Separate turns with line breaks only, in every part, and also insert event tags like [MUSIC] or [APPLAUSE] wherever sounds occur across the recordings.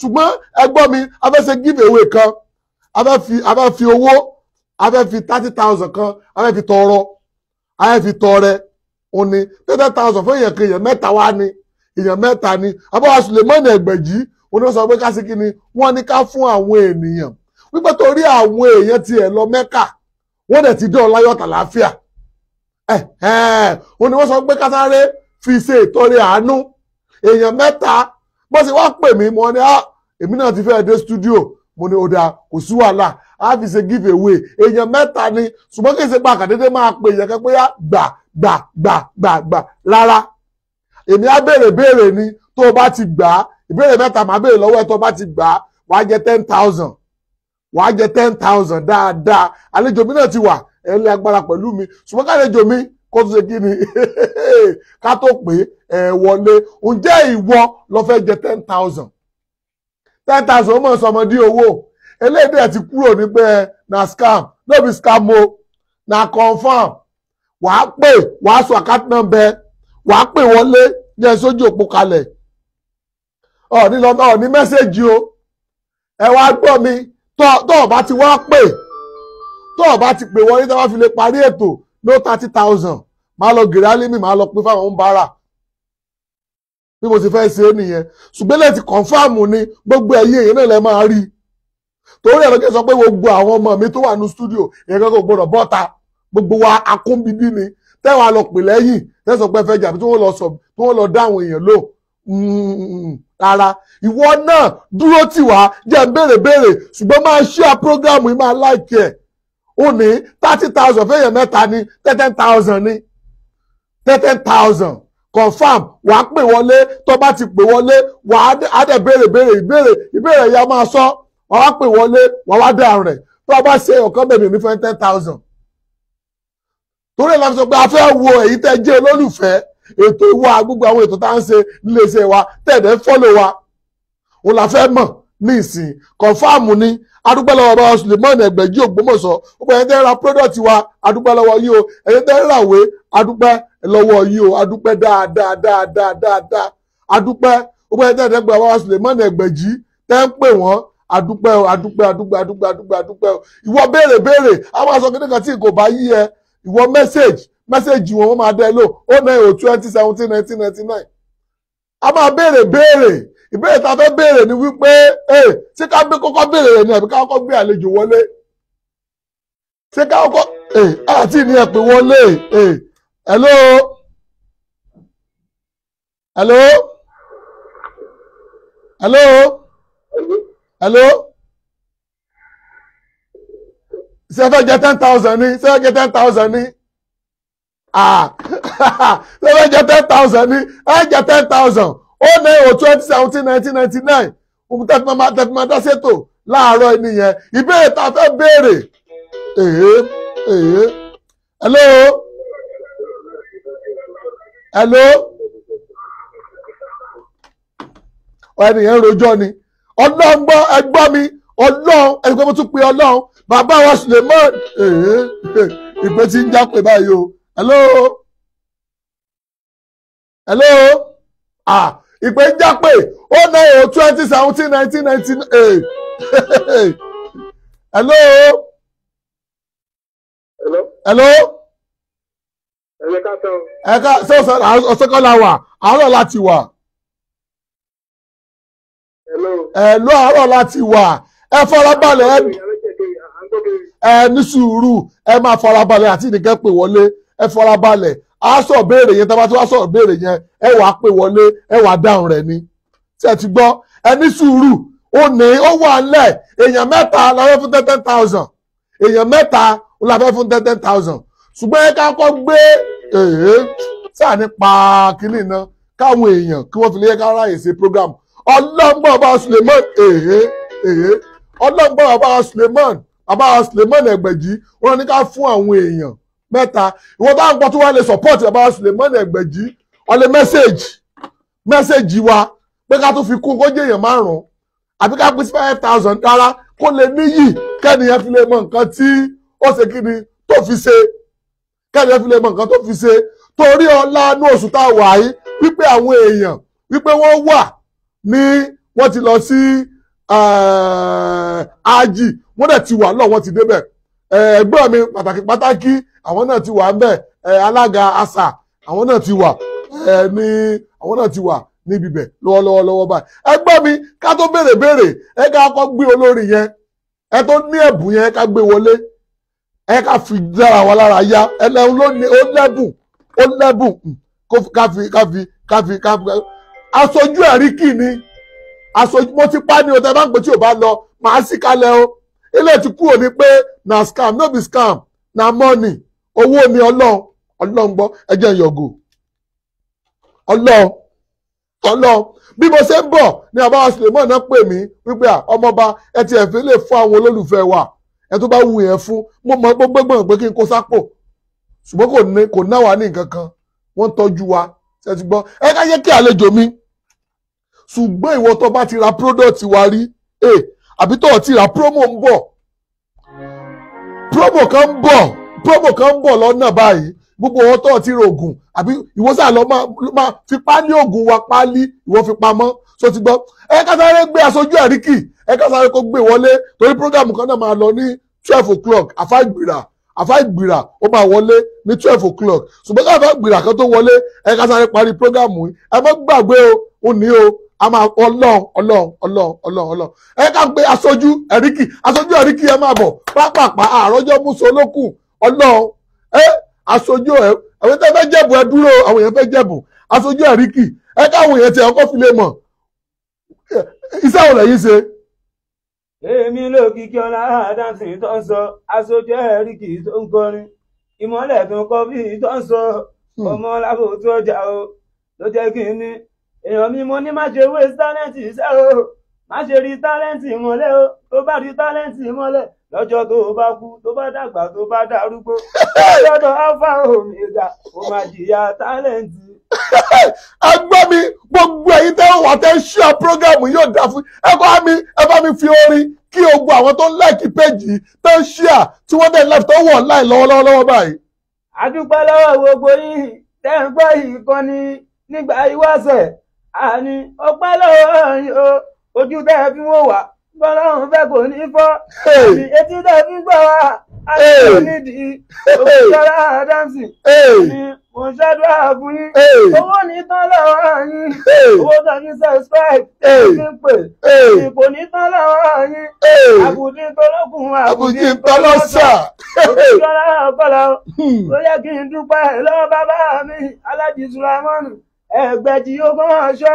ṣùgbọ́n ẹgbọ́n mi a fẹ́ ṣe give away kan a fẹ́ fi a fẹ́ fi owó a fẹ́ fi thirty thousand kan a fẹ́ fi tọrọ a fẹ́ fi tọrẹ òun ni thirty thousand fún èèyàn kan èèyàn mẹ́ta wá ni èèyàn mẹ́ta ni abáwá Sulemani Ẹgbẹ̀jì òun ni wọ́n sọ pé ká sí kí ni wọ́n ní ká fún àwọn ènìyàn wípé torí àwọn èèyàn tiẹ̀ lọ Mẹ́kà wọ́n dẹ̀ ti dé ọláyọ̀ tàlàáfíà òun ni wọ́n sọ pé ká sáré fi ṣe ìtọrẹ àánú èèyàn mẹ́ta bó ṣe wá pè mí mo ní ah èmi náà ti fẹ́ dé studio mo ní ọ̀dà kò sí wàhálà á fi ṣe give away èèyàn mẹ́ta ni ṣùgbọ́n kì í ṣe pa àkàdédé máa pè èèyàn kan pé yá ah, gbà gbà gbà gbà gbà rárá èmi á béèrè béèrè ni tó o bá ti gbà á ìbéèrè mẹ́ta màá béèrè lọ́wọ́ ẹ̀ tó o bá ti gbà á wàá jẹ ten thousand wàá jẹ ten thousand dáadáa àlejò mi náà ti wà ẹ̀ ń lé agbára pẹ̀lú mi ṣùgbọ́n kálejò mi kó tún ṣe kí ni [LAUGHS] ká tó pé ẹ wọlé ǹjẹ́ ìwọ lọ fẹ́ jẹ ten thousand ten thousand ó mọ̀ sọmọdé owó eléyìí ẹ̀ ti kúrò níbẹ̀ na scam no be scam o na confam wàá pè wàá sọ àkáàtì náà bẹ wàá pè wọlé ní ẹ sójú òpó kalẹ̀ ọ̀ọ́ni lọ́nà ọ̀ọ́ni mẹ́sẹ̀gì o ẹ wá gbọ́ mi tọ́ ọ̀ bá ti wá pè tọ́ bá ti pè wọlé tí wọ́n fi lè parí ètò no thirty thousand máa lọ gèrè alimi máa lọ pín fáwọn oníbàárà bí mo ti fẹ́ ṣe é nìyẹn ṣùgbọ́n lè ti kọ̀nfàmù ni gbogbo ẹ̀yìn èyí náà lè máa rí i torí ẹ̀rọ kí n sọ pé gbogbo àwọn ọmọ mi tó wà ní stúdíò èyí kan kò gbọdọ̀ bọ́ta gbogbo wa akúnbíbí ni tẹ́wọ̀n a lọ pè lẹ́yìn tẹ́ sọ pé fẹ́ jà tí wọ́n lọ dá àwọn èèyàn lò rárá ìwọ náà dúró tì wá jẹ́ ń béèrè béèrè ṣùgbọ́n máa ṣíà prógráàmù yìí máa láìkì ẹ̀ ó ní thirty thousand fẹ́yàn mẹ́ta ní ten thousand ní ten thousand confam wà á pè wọlé tó bá ti pè wọlé wà á dẹ̀ béèrè béèrè ìbéèrè ìbéèrè yẹn máa sọ wà á pè wọlé wà wá dẹ̀ àrùn rẹ̀ tó bá ṣe ọ̀kan bèbè ní fún ten thousand torí ẹ̀ la fi sọ pé a fẹ́ wo èyí tẹ́ jẹ́ olólùfẹ́ ètò ìwà gbogbo àwọn ètò tá à ń ṣe nílé iṣẹ́ wa tẹ̀dẹ̀ fọ́lọ̀ wa òun la fẹ́ mọ̀ ní ìsìn kọ̀ǹfàmù ni adúgbòlọ́wọ́ bá Suleiman Ẹgbẹ̀jì Ògbómọ̀ṣọ́ gbogbo ẹ̀yin tẹ́ ra product wa adúgbòlọ́wọ́ yìí o ẹ̀yin tẹ́ ra ìwé adúpẹ́ lọ́wọ́ yìí o adúpẹ́ dáadáa dáadáa dáadáa adúpẹ́ gbogbo ẹ̀yin tẹ́ tẹ́ gbà wá Suleiman Ẹgbẹ̀jì tẹ́ ń pè wọ́n adúpẹ́ o adúpẹ́ adúpẹ́ adúpẹ́ adúpẹ́ adúpẹ́ o ìwọ béèrè béèrè a máa sọ kíndìkan tí kò bá yí ẹ ìwọ mẹ́sẹ̀gì mẹ́sẹ̀gì wọn máa dẹ́ lò ó náà ò twenty ìbéèrè tá a fẹ́ béèrè ni wípé ee ṣé ká gbé kọ́kọ́ béèrè rẹ̀ ni àbí ká kọ́kọ́ gbé àlejò wọlé ṣé ká kọ́kọ́ ee àti ní ẹ wọlé ee hello hello hello hello ṣé ẹ fẹ́ jẹ ten thousand ni ṣé ẹ fẹ́ jẹ ten thousand ni ah [LAUGHS] ṣé ẹ fẹ́ jẹ ten thousand ni ẹ jẹ ten thousand ó nine ohun tẹ́tí máa tẹ́tí máa dá láàárọ̀ ẹni yẹn ìbéèrè tá a fẹ́ béèrè. hello rojọ́ ni ọlọ́run gbọ́ ẹgbọ́ mi ọlọ́run ẹni pé tún pe ọlọ́run bàbá wa Suleiman ìpè tí ń jápè báyìí o hello hello ah ìpè ń jápè ó ná o twenty seventeen nineteen nineteen eight [LAUGHS] hello. hello. hello. ẹ̀ka sọ ọ̀sẹ̀kọ́ la wà àárọ̀ láti wà. hello Hello. àárọ̀ láti wà ẹ farabalẹ̀ ẹ ẹ ní sùúrù ẹ máa farabalẹ̀ àti ìdíkẹ́ pè wọlé ẹ farabalẹ̀ a sọ béèrè yẹn tábà tí wàá sọ béèrè yẹn ẹ wàá pè wọlé ẹ wàá dáhùn rẹ̀ ni tí ẹ ti gbọ́ ẹni sùúrù ó ní ó wà ńlẹ̀ èèyàn mẹ́ta la fẹ́ fún ten ten thousand èèyàn mẹ́ta la fẹ́ fún ten ten thousand ṣùgbọ́n ẹ ká kọ́ gbé èè sáà ní pa kínní náà káwọn èèyàn kí wọ́n fi lè yẹ ká ráyè ṣe program ọlọ́gbọ́n bá Suleiman èè èè ọlọ́gbọ́n bá Suleiman bàbá Suleiman Ẹgbẹ̀jì wọ́n ní ká fún àwọn èèyàn mẹ́ta ìwọ táwọn kan tó wá lè support ẹ̀ bá wa Suleiman Ẹgbẹ̀jì ọ̀lẹ́ mẹ́sẹ̀gì mẹ́sẹ̀gì wa pé ká tó fi kún kó jẹ́ èèyàn márùn-ún àbí ká pín sí five thousand rárá kó lè níyì kẹ́niyàn fi lè mọ nǹkan tí ó ṣe kí ni tó fi ṣe kẹ́niyàn fi lè mọ nǹkan tó fi ṣe torí ọlá inú oṣù tá a wà yìí wípé àwọn èèyàn wípé wọ́n wà ní wọ́n ti lọ sí eh, ají wọ́n dẹ̀ ti wà lọ wọ́n ti débẹ̀ Eh, ẹgbẹ́ mi pàtàkì pátákì àwọn náà ti wà ń bẹ̀ eh, alága àṣà àwọn náà ti wà eh, ní àwọn náà ti wà níbi bẹ̀ lọ́wọ́lọ́wọ́ báyìí ẹgbẹ́ mi ká tó béèrè béèrè ẹ ká kọ́ gbé olórí yẹn ẹ tó ní ẹ̀bùn yẹn ká gbé wọlé ẹ ká fi dára wa lára yá ẹlẹ́hun ló ní ó lẹ́bùn ó lẹ́bùn hmm, ká fi ká fi ká fi ká fi aṣojú ẹ̀rí kì ni aṣojú mo ti pa ni o tẹ bá ń pè tí o bá lọ màá sì kalẹ̀ o. ile ti kúrò ní pé na scam no be scam na money owó ni ọlọ́run ọlọ́run gbọ́ ẹjẹ́ yọ̀gò ọlọ́run ọlọ́run bí mo ṣe ń bọ̀ ni àbá Suleiman náà pè mí wípé ẹ ti ẹ̀fín lè fún àwọn olólùfẹ́ wa ẹ tó bá mọ pé kí n kó sápò ṣùgbọ́n kò ná wa ní nǹkan kan wọ́n tọ́jú wa ṣe ti ẹ ká yẹ kí àlejò mi ṣùgbọ́n ìwọ product wa rí eh, àbí tó ti ra promo ń bọ̀ promo kan ń bọ̀ promo kan ń bọ̀ lọ́nà báyìí gbogbo wọn tó ti ra oògùn àbí ìwọ sà lọ máa fi páálí oògùn wa páálí ìwọ fi pamọ́ so ti gbọ́ ẹ ká sáré gbé aṣojú àríkì ẹ ká sáré kó gbé wọlé torí program kan náà máa lọ ní twelve o'clock àfáìgbìrà àfáìgbìrà ó máa wọlé ní twelve o'clock ṣùgbọ́n káfáìgbìrà kan tó wọlé ẹ ká sáré parí program yìí ẹ má gbàgbé o ò o a ma ọlọ́run ọlọ́run ọlọ́run ọlọ́run ọlọ́run ẹ ká gbé aṣojú ẹ̀ríkì aṣojú ẹ̀ríkì ẹ máa bọ̀ pápápá àròjọ́ mùsùn olókùn ọlọ́run ẹ aṣojú ẹ àwọn èèyàn fẹ́ jẹ̀bù ẹ dúró àwọn èèyàn fẹ́ jẹ̀bù aṣojú ẹ̀ríkì ẹ káwọn èèyàn ti ọkọ̀ fi lè mọ̀ iṣẹ́ òun lẹ́yìn
ṣe. èmi ló kíkí ọlá àdáǹtì tó ń sọ aṣojú ẹ̀ríkì tó ń kọrin ìmọ̀lẹ̀ tó ń kọ́ bí tó ń sọ hmm. ọmọ lábò ọjà o ló jẹ́ kí n ní èèyàn mímọ ní má ṣe wé tálẹ́ǹtì iṣẹ́ o má ṣe rí tálẹ́ǹtì mọ́lẹ̀ o tó bá rí tálẹ́ǹtì mọ́lẹ̀ lọ́jọ́ tó o bá kú tó bá dàgbà tó bá darúgbó lọ́dọ̀ alfa omega o máa jìyà tálẹ́ǹtì. ẹgbẹ́ [LAUGHS] mi gbogbo ẹ̀yin tẹ́ wà tẹ́ ṣíà prógámù yóò dà fún ẹ̀kọ́
mi ẹ bá mi fi orin kí ogun àwọn tó ń láìkí péjì tó ń ṣíà tí wọ́n dẹ̀ láì tó
wọ̀ láì lọ́wọ́lọ́wọ́ báyìí. a dúpẹ́ lọ́wọ́ gbogbo yín tẹ́ ń gbọ́ ìkànnì nígbà ìwọ́sẹ̀ àní ọpẹ́ lọ́wọ́ yín o ojú tẹ́ ẹ fi wò wá bọ́lọ́run fẹ́ kò ní fọ́ àní etí tẹ́ ẹ fi gbọ́ wá àti kò nídìí òkúta dáǹsì ní mo ṣàdúrà fún yín owó ní tán lọ́wọ́ yín owó kan ní suspect ní pè ìpò ní tán lọ́wọ́ yín àbùdí tọ́lọ́kùn àbùdí tọ́lọ́sà òkúta ọpọlọ hmm. ó yẹ kí n dúpẹ́ lọ́wọ́ bàbá mi alájí sulaimanu ẹgbẹ́ tí ó gbọ́n aṣọ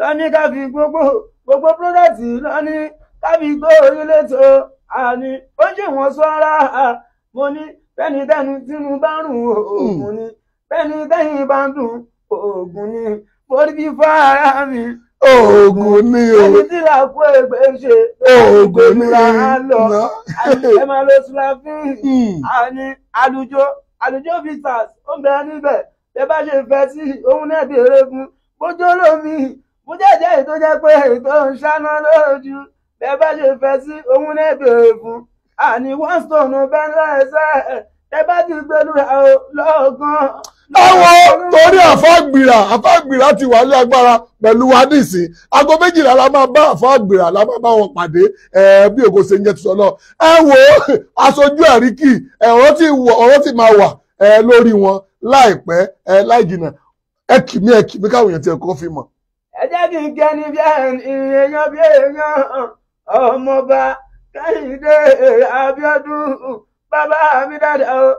lọ́ní káfí gbogbo gbogbo product lọ́ní káfí gbó orílẹ̀ tó àní ó ṣe wọ́n sọ́ra mo ní bẹ́ẹ̀ni bẹ́ẹ̀ni tínú bá rùn oògùn ni bẹ́ẹ̀ni bẹ́ẹ̀ni bá ń dùn oògùn ni mo rí fọ́ ara mi oògùn ni o ẹni tí là kó ẹgbẹ́ ṣe oògùn ni a lọ ẹ máa lọ sílá fún àní hmm. àlùjọ àlùjọ visas ó ń bẹ níbẹ̀ ẹ bá ṣe fẹ́ sí òun náà béèrè fún bójú olómi bó jẹ́jẹ́ èyí tó jẹ́ pé èyí tó ń ṣáná lójú ẹ bá ṣe fẹ́ sí òun náà béèrè fún àní one stone bẹ́ẹ̀ lọ́sẹ̀ ẹ bá ti gbẹnu lọ́ọ̀kan. Àwọn torí
àfáàgbìrà àfáàgbìrà ti wà ní agbára pẹ̀lú wa nísìn. Aago méjìlá la máa bá àfáàgbìrà la máa bá wọn pàdé bí ògo ṣe ń jẹ́ ti sọ náà. Ẹ wo aṣojú àríkì ọ̀rọ̀ ti máa wà ẹ lórí wọn láìpẹ́ ẹ láì jìnnà ẹ kì mí ẹ kì mí káwọn èèyàn ti ẹ̀kọ́ fi mọ̀.
ẹ jẹ́ kí n kẹ́ni bí èèyàn bí èèyàn ọmọọba kẹ́hìndé abíọ́dún bàbá mi dáadáa o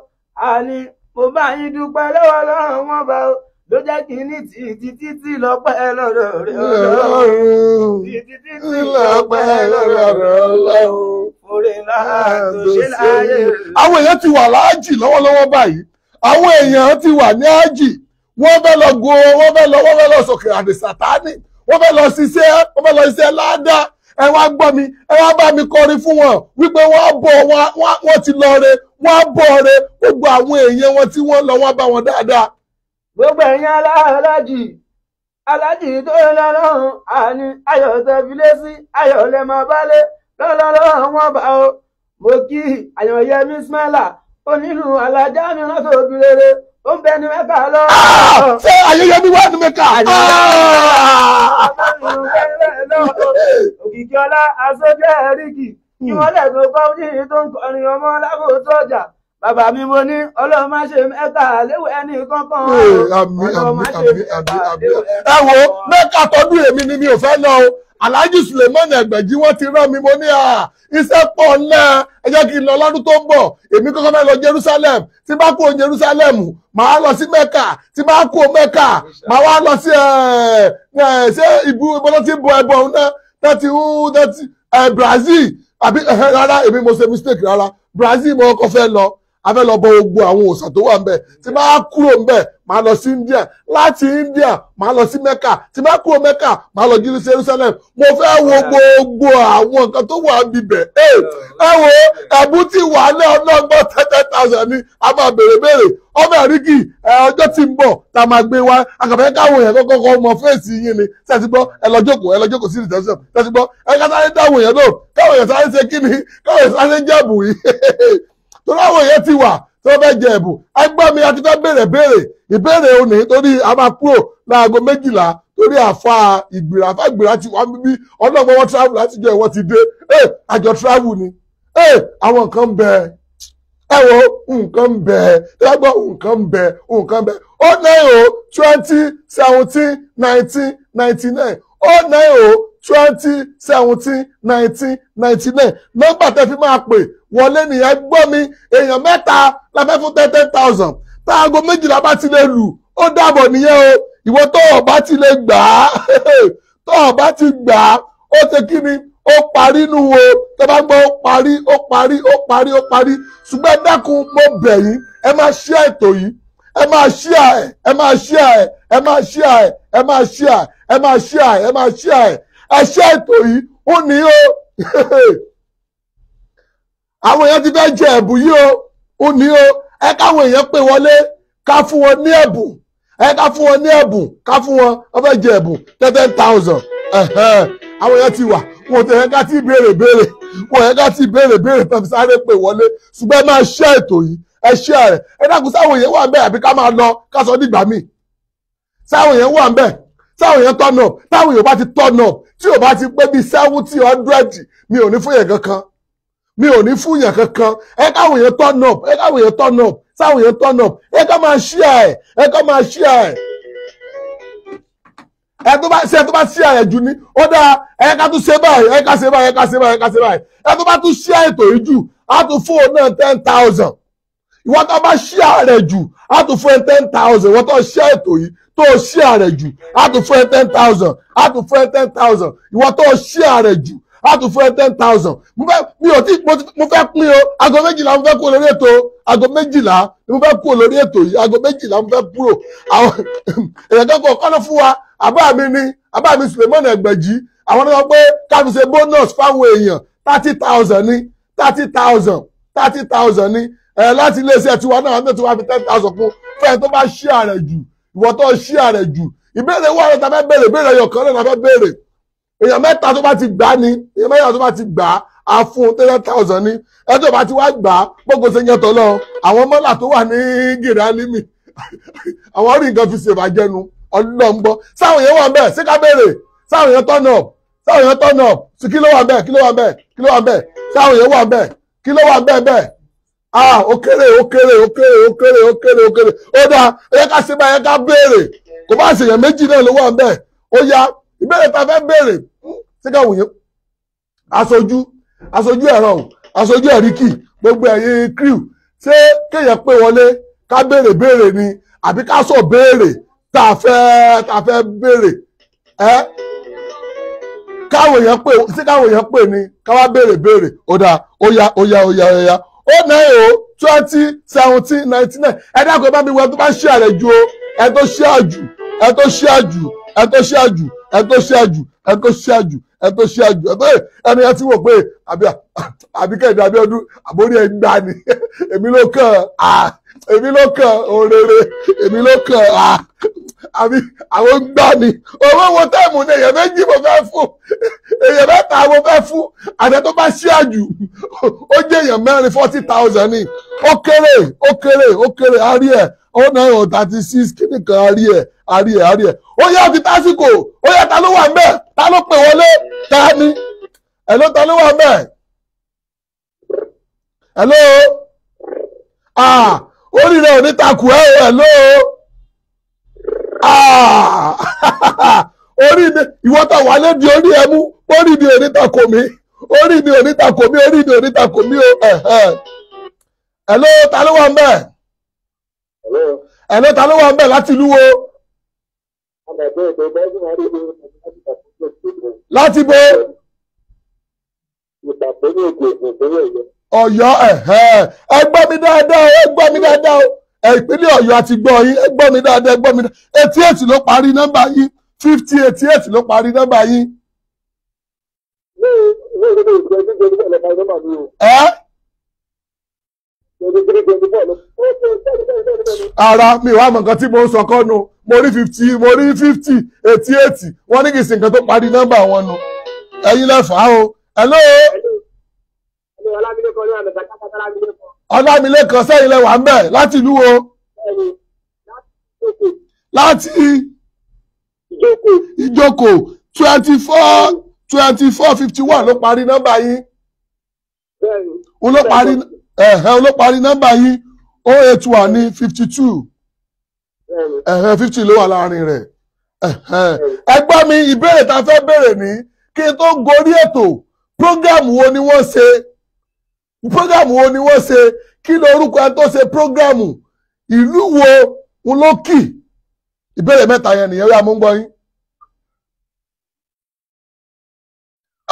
àní mo bá yín dúpẹ́ lọ́wọ́ lọ́wọ́ wọn bá o ló jẹ́ kí ní títí títí lọ́pẹ́ lọ́rọ̀ rẹ̀ ọlọ́run títí títí lọ́pẹ́ lọ́rọ̀ rẹ̀ ọlọ́run orin láàá ṣe láàyè.
àwọn èèyàn ti wà láàjì lọ́wọ́lọ́wọ́ báyìí àwọn èèyàn ti wà ní ájì wọ́n fẹ́ lọ go wọn fẹ lọ wọn fẹ lọ sókè àdè sàtáni wọn fẹ lọ ṣiṣẹ́ wọn fẹ lọ ṣiṣẹ́ ládàá ẹ wá gbọ́ mi ẹ wá bá mi kọrin fún wọn wípé wọ́n bọ̀ wọn ti lọ re
wọ́n bọ re gbogbo àwọn èèyàn wọn tí wọn lọ wọ́n bá wọn dáadáa. gbogbo ẹ̀yin aláàlájì aláàjì tó ń lọ lọ́rùn àní ayọ̀ tẹ filé sí ayọ̀ lẹ́ máa bá lé lọ́lọ́lọ́ wọn bá o mo kí àyànyẹ mísmẹ́là onílù alájà mìíràn tó bí rere ó ń bẹ ní mẹ́kà lọ. Ah! ṣé ayẹyẹmí wà ní mẹ́kà. òkìkí ọlá aṣojú ẹ̀ríkì ìwọlẹ̀ tó kọ́ ní tó ń kọrin ọmọ lábòótọ́ bàbá mi mo ní ọlọ́run má ṣe mẹ́ka léwu ẹni kankan ọlọ́run má ṣe mẹ́ka léwu ẹni kankan. ẹ wo mẹ́ka tọdún èmi ni mi ò fẹ́ lọ o alhaji suleiman
ẹgbẹ̀jì wọ́n ti rán mi mo ní à iṣẹ́ pọ̀ náà ẹ jẹ́ kí n lọ lọ́dún tó ń bọ̀ èmi kọ́kọ́ fẹ́ lọ jerusalem tí bá kó jerusalem màá lọ sí mẹ́kà tí bá kó mẹ́kà màá wá lọ sí ẹ̀ ṣé ìbú ìbọ́lá ti bọ ẹbọ ọ̀hún náà láti brazil àbí rárá èmi mo ṣe mistake rárá brazil mo kọ́ fẹ́ lọ a fẹ́ lọ bọ gbogbo àwọn òòṣà tó wà ńbẹ̀ tí bá kúrò ńbẹ̀ màá lọ sí India láti India màá lọ sí Mecca tí bá kúrò Mecca màá lọ jírí sí Jerusalem mo fẹ́ wo gbogbo àwọn nǹkan tó wà bíbẹ̀ ẹ wo ẹ̀bùn tí wà ní ọlọ́gbọ́n tẹ́tẹ́ tàṣà ni a máa béèrè béèrè ọmọ ẹ̀ríkì ọjọ́ tí ń bọ̀ tá a máa gbé wá àkàfẹ́ káwọn èèyàn kọ́kọ́ mọ fèsì yín ni tẹ́sí gbọ́ ẹ lọ jókòó ẹ lọ jókòó sí ìtẹ́sí tẹ́sí gbọ́ ẹ ká sáré dáwọn èèyàn náà káwọn èèyàn sáré ṣe kí ni káwọn èèyàn sáré jẹ́bù yìí [LAUGHS] torí àwọn èèyàn ti wà tó fẹ́ jẹ ẹ̀bùn agbámi àti fẹ́ béèrè béèrè ìbéèrè òní torí a máa kúrò láago méjìlá torí àfa ìgbìrà àfa ìgbìrà ti wà bíbí ọlọ́gbọ́n wọn travel láti jọ ìwọ ti dé ẹ àjọ travel ni ẹ àwọn nǹkan ń bẹ ẹ wo nǹkan ń bẹ ẹ gbọ́ nǹkan ń bẹ nǹkan ń bẹ ó náírà twenty seventeen nineteen ninety nine ó náírà twenty seventeen nineteen ninety nine nọ́mbà tẹ́ fi máa pè wọlé nìyẹn gbọ́ mi èèyàn mẹ́ta la fẹ́ fún ten thousand táago méjìlá bá ti lè lù ó dàbọ̀ nìyẹn o ìwọ tó o bá ti lè gbà á [LAUGHS] tó o bá ti gbà á ó ṣe kí ni ó parí nu wo tó bá gbọ́ ó parí ó parí ó parí ó parí ṣùgbọ́n ẹ mo bẹ̀ yín ẹ máa ṣí ètò yìí ẹ máa ṣí ẹ ẹ máa ṣí ẹ ẹ máa ṣí ẹ ẹ máa ṣí ẹ ẹ máa ṣí ẹ ẹ máa ṣí ẹ ẹṣẹ́ ètò yìí ó ní o àwọn èèyàn ti fẹ́ jẹ ẹ̀bùn yìí o ó ní o ẹ káwọn èèyàn pè wọlé ká fún wọn ní ẹ̀bùn ẹ ká fún wọn ní ẹ̀bùn ká fún wọn wọ́n fẹ́ jẹ ẹ̀bùn ten thousand àwọn èèyàn ti wà wọn ò tẹ̀yẹ ká ti béèrè béèrè wọn yẹ ká ti béèrè béèrè tàbí sáré pè wọlé ṣùgbọ́n ẹ máa ṣẹ́ ètò yìí ẹ ṣẹ́ rẹ̀ ẹ dákun sáwọn èèyàn wà bẹ́ẹ̀ àbí ká máa lọ ká sọ dìgbà míì sáwọn èèyàn wà bẹ́ẹ̀ táwọn èèyàn turn táwọn èèyàn bá ti turn tí ò bá ti pé bíi seventy hundred mi ò ní fún yẹn kankan mi ò ní fún yẹn kankan ẹ káwọn yẹn turn up ẹ káwọn yẹn turn up sáwọn yẹn turn up ẹ ká máa share ẹ ẹ ká máa share ẹ ẹ tó bá ṣe ẹ tó bá ṣe àyẹ̀jú ni ó dáa ẹ ká tún ṣe báyìí ẹ ká ṣe báyìí ẹ ká ṣe báyìí ẹ tó bá tún ṣe ètò yìí jù á tún fóònù náà ten thousand ìwọ́n tó bá ṣí ààrẹ jù á tún fún ẹ ten thousand ìwọ́n tó ṣí ètò yìí tó ṣí ààrẹ jù á tún fún ẹ ten thousand á tún fún ẹ ten thousand ìwọ́n tó ṣí ààrẹ jù á tún fún ẹ ten thousand mo fẹ́ mi ò tí mo fẹ́ pín o aago méjìlá mo fẹ́ kúrò lórí ètò aago méjìlá mo fẹ́ kúrò lórí ètò yìí aago méjìlá mo fẹ́ kúrò àwọn [LAUGHS] èèyàn kankan kọ́nà fún wa àbá mi ni àbá mi Suleiman Ẹgbẹ̀jì àwọn náà sọ pé káfíńsẹ̀ bonus fáwọn èèyàn thirty thousand ni thirty thousand thirty thousand ni ẹ láti iléeṣẹ́ tiwa náà ní tiwa fi ten thousand kún fẹ́ẹ̀ tó bá ṣí ààrẹ jù ìwọ tó ṣí ààrẹ jù ìbéèrè wà lọ́ta fẹ́ béèrè béèrè ẹ̀yọ̀ kan lọ́ta fẹ́ béèrè èèyàn mẹ́ta tó bá ti gbà ni èèyàn mẹ́ta tó bá ti gbà á fún ten thousand ni ẹ tó bá ti wá gbà á gbogbo ṣe yẹn tọ́ lọ àwọn mọ́là tó wà ní gèrè alimi [LAUGHS] àwọn rí nǹkan fi ṣèbàjẹ́nu ọlọ́ngbọ́ sáwọn èèyàn wà ń bẹ̀ ṣé ká béèrè sáwọn èèyàn turn up sáwọn èèyàn turn up kí ló wà ń bẹ̀ kí ló wà ń bẹ̀ kí ló wà ń bẹ̀ sáwọn èèyàn wà ń bẹ̀ kí ló wà ń bẹ̀ bẹ́ẹ̀ ah ó kéré ó kéré ó kéré ó kéré ó kéré ẹ ká báyẹn ká béèrè kò bá sèyàn méjì náà ló wà ń ó yá ìbéèrè a béèrè ṣé ká wòye aṣojú gbogbo ẹ̀yìn kriw, ṣé kéèyàn pé wọlé ká béèrè béèrè ni àbí ká sọ béèrè a fẹ́ ni ká wá béèrè béèrè ó náà o twenty seventeen ninety nine ẹ dákun ẹ bá mi wọ ẹ tó bá ṣe àrẹ ju o ẹ tó ṣe àjù ẹ tó ṣe àjù ẹ tó ṣe àjù ẹ tó ṣe àjù ẹ tó ṣe àjù ẹ tó ṣe àjù ẹ tó ẹni ẹ ti wò pé àbíkẹ́ni Abíọ́dún àbórí ẹ gbà ni èmi ló kàn á èmi ló kàn òrèrè èmi ló kàn á àbí àwọn gbá ni owó wo táìmù ni èèyàn méjì mo fẹ́ fún èèyàn mẹ́ta mo fẹ́ fún àti tó bá ṣí àjù ó jẹ́ èèyàn mẹ́rin forty thousand ni ó kéré ó kéré ó kéré a rí ẹ̀ ó náà hàn thirty six kíní kan a rí ẹ̀ a rí ẹ̀ a rí ẹ̀ ó yá ti tásìkò ó yá ta ló wà ńbẹ̀ ta ló pè wọlé ta ni ẹ̀ ló ta ló wà ńbẹ̀ ẹ̀ ló orí rẹ̀ ò ní takù ẹ̀ ẹ̀ ló. Ah! [LAUGHS] orí mi ìwọ wà lẹ́dí orí ẹ mú orí mi orí ta orí mi orí ta orí mi o ta ló wà ń
bẹ̀
ta ló wà ń bẹ̀ láti ìlú wo. láti bo. Ọ̀yọ́ ẹ̀gbọ́n mi dáadáa ìpínlẹ̀ ọ̀yọ́ àti gbọ́ yín ẹ gbọ́ mi dáadáa ẹ gbọ́ mi dáadáa eighty eight ló parí nọ́mbà yín fifty eighty eight ló parí nọ́mbà yín. ẹ́ ara mi wá mọ̀ nǹkan tí mo ń sọ kọ́nu mo rí fifty mo rí fifty eighty eight wọ́n ní kì í ṣe nǹkan tó parí nọ́mbà wọn nu ẹ̀yin lẹ́fà o. hello.
hello alábílẹ̀ kan ní àmì kàtàkàtà alábílẹ̀ kan.
ọlámilékan sẹ́yìn lẹ́wà ń bẹ̀ láti ìlú wo láti ìjókòó twenty four twenty four fifty one ló parí nọ́mbà yín ẹ̀hẹ́ ló parí nọ́mbà yín o oh eight one ní fifty two ẹ̀hẹ́ fifty ló wà láàrin rẹ̀ ẹgbọ́n mi ìbéèrè tá a fẹ́ béèrè ní kí n tó gorí ètò program wo ni wọ́n ṣe programu wo ni wọ́n ṣe kí ló orúkọ ẹni tó ṣe programu ìlú wo ń ló kì ìbéèrè mẹ́ta yẹn nìyẹn wíwá mú yín.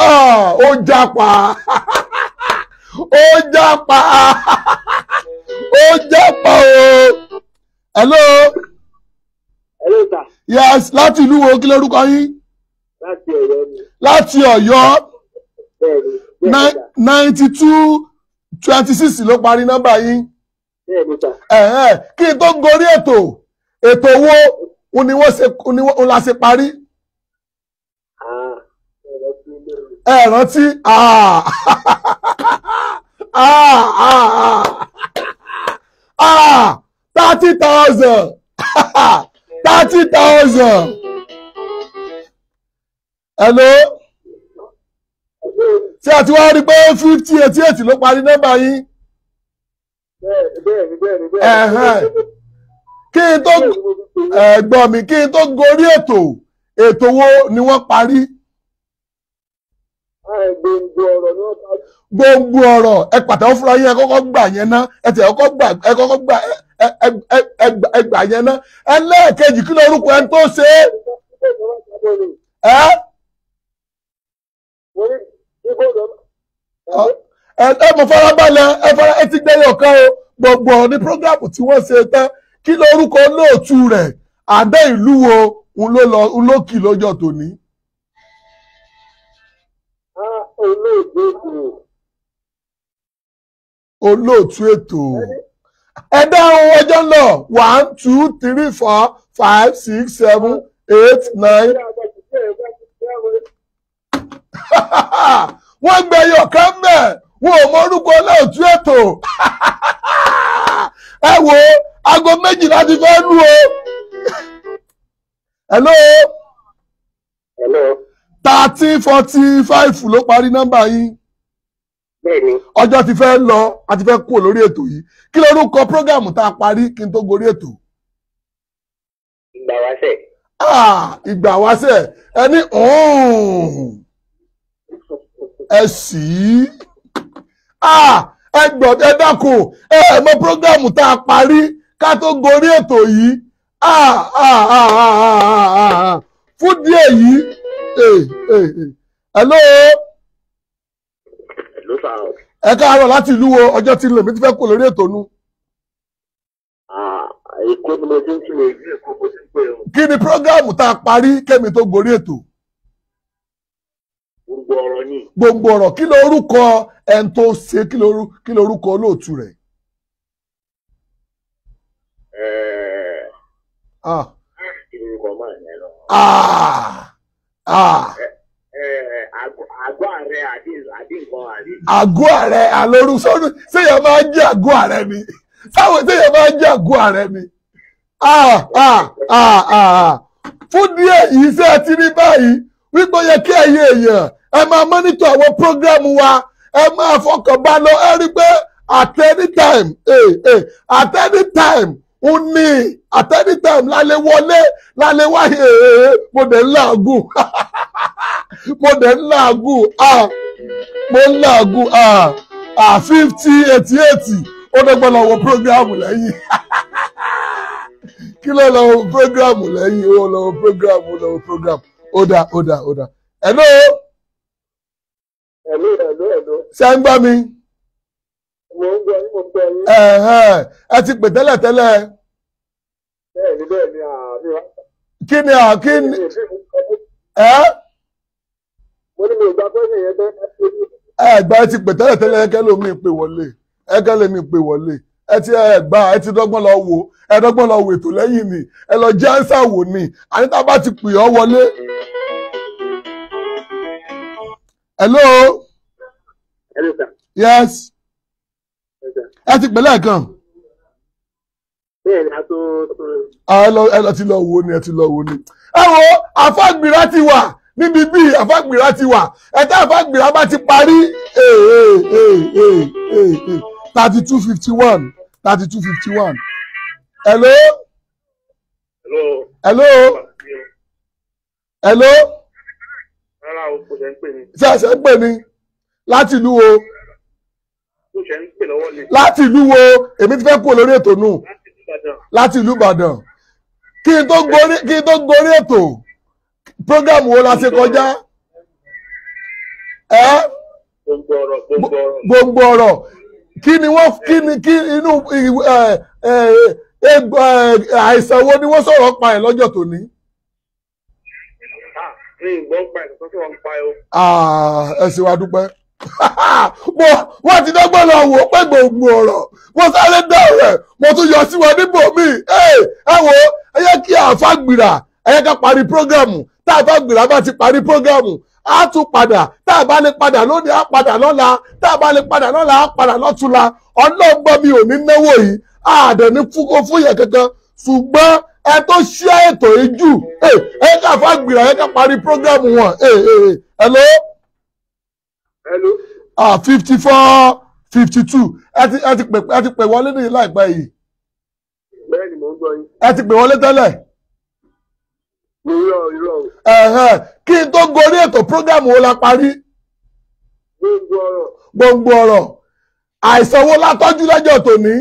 Ah, ó jápa [LAUGHS] ó jápa [LAUGHS] ó jápa o. hello. hello sir. yes láti ìlú wo kí ló orúkọ yín. láti Ọ̀yọ́ ni. láti Ọ̀yọ́. bẹ́ẹ̀ni. ninety two twenty six ló parí nọ́mbà yín kí n tó gorí ètò ètò wo ni wọ́n la ṣe parí. ẹ rántí [LAUGHS] thirty thousand [LAUGHS] thirty thousand hello. a ti wá rí pé fifty eighty eight ló parí nọ́mbà yín. kí n tó ẹ̀gbọ́n mi kí n tó gorí ètò ètò wo ni wọ́n parí. ọ̀rọ̀ ẹ pàtàkì fúnra yín ẹ mọ̀ farabalẹ̀ ẹ fara ẹ ti gbẹ́yọ̀ kan o gbogbo ní programu tí wọ́n ṣe tán kí lórúkọ olóòtú rẹ̀ àdé ìlú wo ń ló kì lọ́jọ́ tòní.
olóòtú ètò.
olóòtú ètò ẹ dáhùn ọjọ́ náà one two three four five six seven eight nine [LAUGHS] wọ́n gbẹ̀yọ̀ kan mẹ́ wọn ò mọ orúkọ ọlọ́ọ̀tún ètò [LAUGHS] ẹ wo aago méjìlá ti fẹ́ lù o. [LAUGHS] hello. hello. thirteen forty five ló parí nọ́mbà yín. bẹ́ẹ̀ni. ọjọ́ ti fẹ́ lọ a ti fẹ́ kúrò lórí ètò yìí kí lorúkọ prógáàmù tá a parí kí n tó gorí ètò. ìgbà wáṣẹ̀. Ah, ìgbà wáṣẹ̀ ẹni ọ̀hún ẹ sì í ẹ gbọ́dọ̀ ẹ dákun ẹ mọ prógámù tá a parí ká tó gorí ètò yìí fún díẹ̀ yìí eh, eh, eh. hello. hello sir. ẹ káàárọ̀ láti ìlú wo ọjọ́ tí lèmi ti fẹ́ kó lórí ètò nu. èkó ni mo ti ń kí mi èyí èkó mo ti ń ni prógámù tá a parí kémi tó gorí ètò gbogbo ọ̀rọ̀ kí ló orúkọ ẹni tó ṣe kí ló orúkọ olóòtú rẹ̀.
Eh. Ah. Ah. Ah. Eh, eh, àgọ́ ààrẹ àbí nǹkan àbí. àgọ́ ààrẹ
àlórúsọ́nù ṣéyàn máa ń jẹ́ àgọ́ ààrẹ mi táwọn ṣéyàn máa ń jẹ́ àgọ́ ààrẹ mi. fún díẹ̀ yìí ṣé ẹ ti rí báyìí wípé ó yẹ kí ẹ yé èèyàn ẹ máa mọ́nítọ̀ àwọn prógrámù wa ẹ máa fọkànbá lọ ẹ rí pé at any time eh, eh, at any time ń ní at any time lálẹ́ wọlé lálẹ́ wá eh, eh, eh, mo dẹ̀ ń làágùn [LAUGHS] mo dẹ̀ ń làágùn ah, mo ń làágùn ah, ah, fifty eighty eighty ó dẹ́gbọ́n lọ wọ prógrámù lẹ́yìn [LAUGHS] kí ló lọ wọ prógrámù lẹ́yìn ó lọ wọ prógrámù ó lọ wọ prógrámù ó dà ó dà ó dà ẹ̀ náà ṣé ń gbọ́ mi. ẹ ti pè tẹ́lẹ̀ tẹ́lẹ̀. bẹ́ẹ̀ni bẹ́ẹ̀ni àmì wa. kí ni à kí ni. ẹ. mo ní mi ìgbà pé mi yẹn tẹ́ ẹ gbà ẹ ti pè tẹ́lẹ̀ tẹ́lẹ̀ ẹ̀kẹ́ lómi pè wọlé ẹ̀kẹ́ lómi pè wọlé ẹ ti ẹ gbà ẹ ti dọ́gbọ́n lọ wò ẹ dọ́gbọ́n lọ wò ètò lẹ́yìn ni ẹ lọ jẹ́ ánsà wò ni àníta bá ti pè ọ́ wọlé. hello yes ẹ ti pè lẹ́ẹ̀kan. bẹ́ẹ̀ni a tó ẹ lọ ti lọ wo ni ẹ ti lọ wo ni. ẹ wo àfàgbìrá ti wà níbi bí àfàgbìrá ti wà ẹ tá àfàgbìrá bá ti parí eh, eh, eh, thirty two fifty one thirty two fifty one. hello. hello. hello. hello. ṣe ṣe ń pè ní láti ìlú wo láti ìlú wo èmi ti fẹ́ kú lórí ètò nù láti ìlú Ìbàdàn kí n tó gorí ètò program wo la ṣe kọjá ẹ gbogbo ọ̀rọ̀ kí ni wọ́n kí ni kí inú àìsàn wo ni wọ́n sọ̀rọ̀ pa ẹ̀ lọ́jọ́ tòní ah, ẹ̀sìn ah, wa dúpẹ́ mo wọ́n ti dọ́gbọ́n lọ wò ó pé gbòògùn ọ̀rọ̀ mo sáré dá rẹ̀ mo tún yọ sí wọn níbò míì ẹ wo ẹ yẹ kí àáfà gbìrà ẹ yẹ ká parí prógámù tá àáfà gbìrà bá ti parí prógámù á tún padà tá a bá lè padà lónìí á padà lọ́la tá a bá lè padà lọ́la á padà lọ́túnla ọlọ́gbọ́n mi ò ní náwó yìí àdẹ̀ ní fúnkó fúyẹ̀ kankan ṣùgbọ́n ẹ tó ṣí ètò yìí jù ẹ ká fà gbìrà ẹ ká parí prógámù wọn ẹ ẹ ẹ lọ́wọ́. Ah, fifty four fifty two ẹ ti ẹ ti pè ẹ ti pè wọlé ní láìpẹ́ yìí.
bẹ́ẹ̀ni mò ń gbọ́ yín.
ẹ ti pè wọlé tẹ́lẹ̀. irọ́ irọ́. kí n tó gorí ètò prógámù wo la parí.
gbogbo ọ̀rọ̀.
gbogbo ọ̀rọ̀ àìsàn wo la tọ́jú lọ́jọ́ tòní.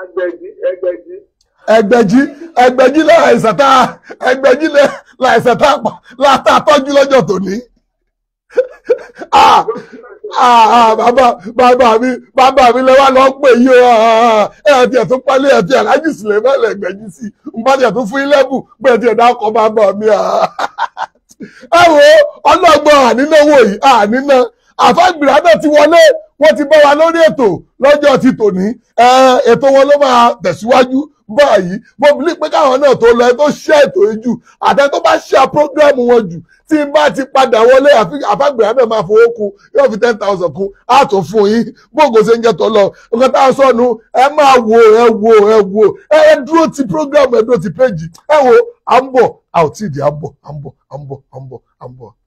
agbẹ̀jì ẹgbẹ̀jì
ẹgbẹ̀jì ẹgbẹ̀jì lẹ́yìn àìsàn tá ẹgbẹ̀jì lẹ́yìn àìsàn tá látà tọ́jú lọ́jọ́ tòní. Ah, ah, ah, bàbá mi bàbá mi lẹ́wà lọ pè yí o ẹ̀ tiẹ̀ tún pálí ẹ̀ tiẹ̀ rájì sílẹ̀ mẹ́lẹ̀ gbẹ̀jì sí n bá tiẹ̀ tún fún ilẹ́bù pé tiẹ̀ dákọ̀ bàbá mi. ẹ wo ọlọ́gbọ́n yìí àníná náà ti wọlé wọ́n ti bá wa lórí ètò lọ́jọ́ ti tòní ètò wọn ló máa tẹ̀síwájú báyìí mo bí pé káwọn náà tó lọ ẹ tó ṣe ètò yìí jù àtẹ tó bá ṣe àpọ́gírámù wọn jù tí n bá ti padà wọlé àfàgbèrè àbẹ̀ máa fowó kun yóò fi ten thousand kun á tún fún yín gbogbo ṣe ń jẹ́ tọ́ lọ nǹkan tá a sọ nu ẹ máa wo ẹ wo ẹ wo ẹ dúró ti programu ẹ dúró ti péjì ẹ wo à ń bọ̀ a ò tí ì di à ń bọ̀ à ń bọ̀ à ń bọ̀ à ń bọ̀ à ń bọ̀.